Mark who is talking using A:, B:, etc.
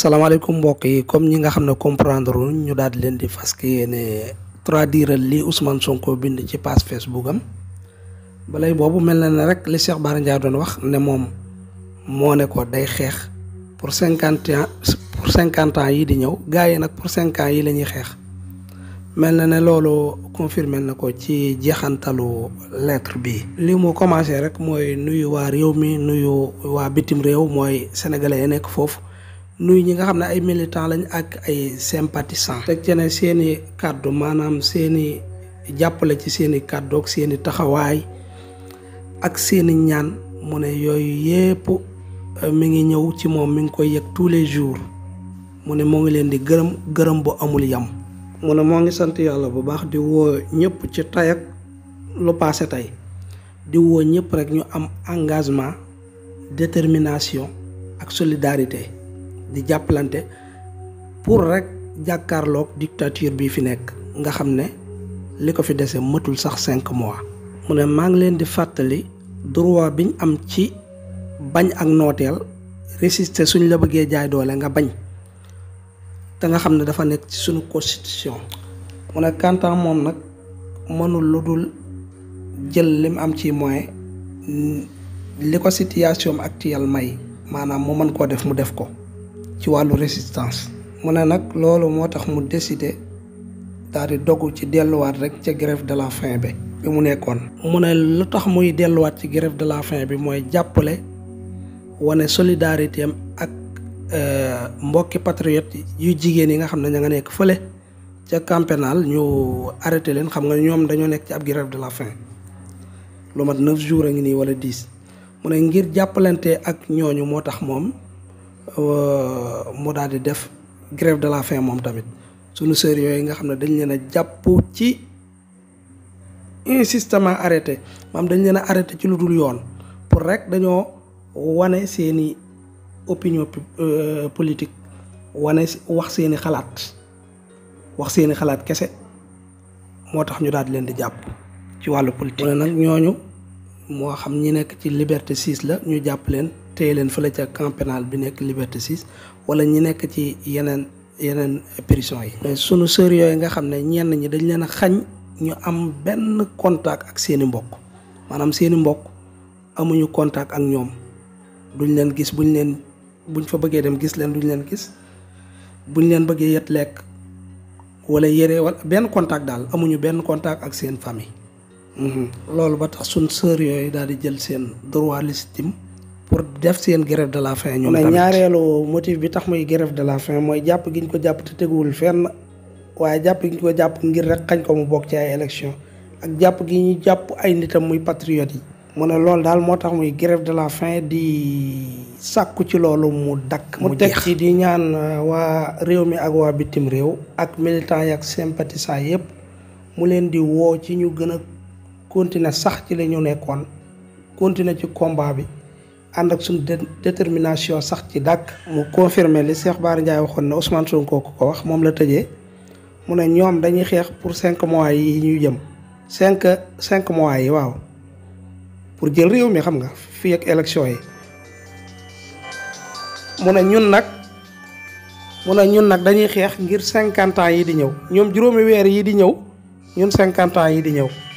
A: salaamaaleykum mbokk yi comme ñi nga xam ne comprendre ñu daal di leen di fas yéene traduire li Ousmane Sonko bind ci page Facebook am balay boobu mel na ne rek li Cheikh Bara Ndiaye doon wax ne moom moo ne ko day xeex pour cinquante ans pour cinquante ans yii di ñëw gars yi nag pour cinq yi la ñuy xeex mel na ne loolu confirmer na ko ci jeexantalu lettre bi. li moo commencé rek mooy nuyu waa réew mi nuyu waa bitim réew mooy sénégalais yi nekk foofu. nuy ñi nga xam ne ay militant lañ ak ay sympathisant teg ci ne seeni kàddu maanaam seeni jàppale ci seeni kàddu ak seeni taxawaay ak seeni ñaan mu ne yooyu yépp euh, mi ngi ñëw ci moom mi ngi koy yëg tous les jours mu ne moo ngi leen di gërëm gërëm bu amul yam mu ne moo ngi sant yàlla bu baax di woo ñëpp ci tay ak lu passé tey di woo ñëpp rek ñu am engagement détermination ak solidarité di jàppalante pour rek jàkkaarloog dictature bi fi nekk nga xam ne li ko fi dese mëtul sax cinq mois. mu ne maa ngi leen di fàttali droit biñ am ci bañ ak nooteel résister suñu la bëggee jaay doole nga bañ te nga xam ne dafa nekk ci suñu constitution. mu ne Kantar moom nag mënul lu dul jël lim am ci moyen li ko situation actuelle may maanaam mu mën koo def mu def ko. ci wàllu résistance mu ne nag loolu moo tax mu décidé daal di ci delluwaat rek ca grève de la faim bi bi mu nekkoon. mu ne lu tax muy delluwaat ci grève de la faim bi mooy jàppale wane solidarité am ak euh, mbokki patriote yu jigéen yi nga xam ne ña nga nekk fële ca camp ñu arrêté leen xam nga ñoom dañoo nekk ci ab grève de la faim lu mat neuf jours a ngi nii wala dix mu ne ngir jàppalante ak ñooñu moo tax moom. Euh, mu daal di def grève de la fin moom tamit sunu sœur yi nga xam ne dañ leen a jàpp ci insistement arrêté maam dañ leen a arrêté ci lu dul yoon pour rek dañoo wane seeni opinion euh, politique wane wax seeni xalaat wax seeni xalaat kese moo tax ñu daal di leen di jàpp ci wàllu politique. mu nag ñooñu moo xam ñi nekk ci liberté 6 la ñu jàpp leen. téye leen fële ca camp bi nekk Liberté 6 wala ñi nekk ci yeneen yeneen prison yi. mais sunu sœur yooyu nga xam ne ñenn ñi dañ leen a xañ ñu am benn contact ak seeni mbokk maanaam seeni mbokk amuñu contact ak ñoom duñ leen gis buñ leen buñ fa bëggee dem gis leen duñ leen gis buñ leen bëggee yet lekk wala yëre wala benn contact daal amuñu benn contact ak seen famille. Mhm. loolu ba tax sunu sœur yooyu daal di jël seen droit légitime pour def seen grève de la fin ñoom tamit mais ñaareelu motif bi tax muy grève de la faim mooy jàpp gi ñu ko jàpp te teguwul fenn waaye jàpp gi ñu ko jàpp ngir rek xañ ko mu bokk ci ay élection ak jàpp gi ñu jàpp ay nitam muy patriote yi. mu ne loolu daal moo tax muy grève de la faim di sàkku ci loolu mu dakk mu teg ci di ñaan euh, waa réew mi ak waa bitim réew ak militants yi ak sympathisants yëpp mu leen di woo ci ñu gën a continuer sax ci la nekkoon continuer ci combat bi. ànd ak suñu détermination sax ci dàkk. mu confirmer li Cheikh Bara Ndiaye waxoon na Ousmane Sonko ko ko wax moom la tëjee mu ne ñoom dañuy xeex pour cinq mois yi ñuy jëm. cinq cinq mois yi waaw pour jël réew mi xam nga fii ak élection yi mu ne ñun nag mu ne ñun nag dañuy xeex ngir cinquante ans yi di ñëw ñoom juróomi weer yi di ñëw ñun cinquante ans yi di ñëw.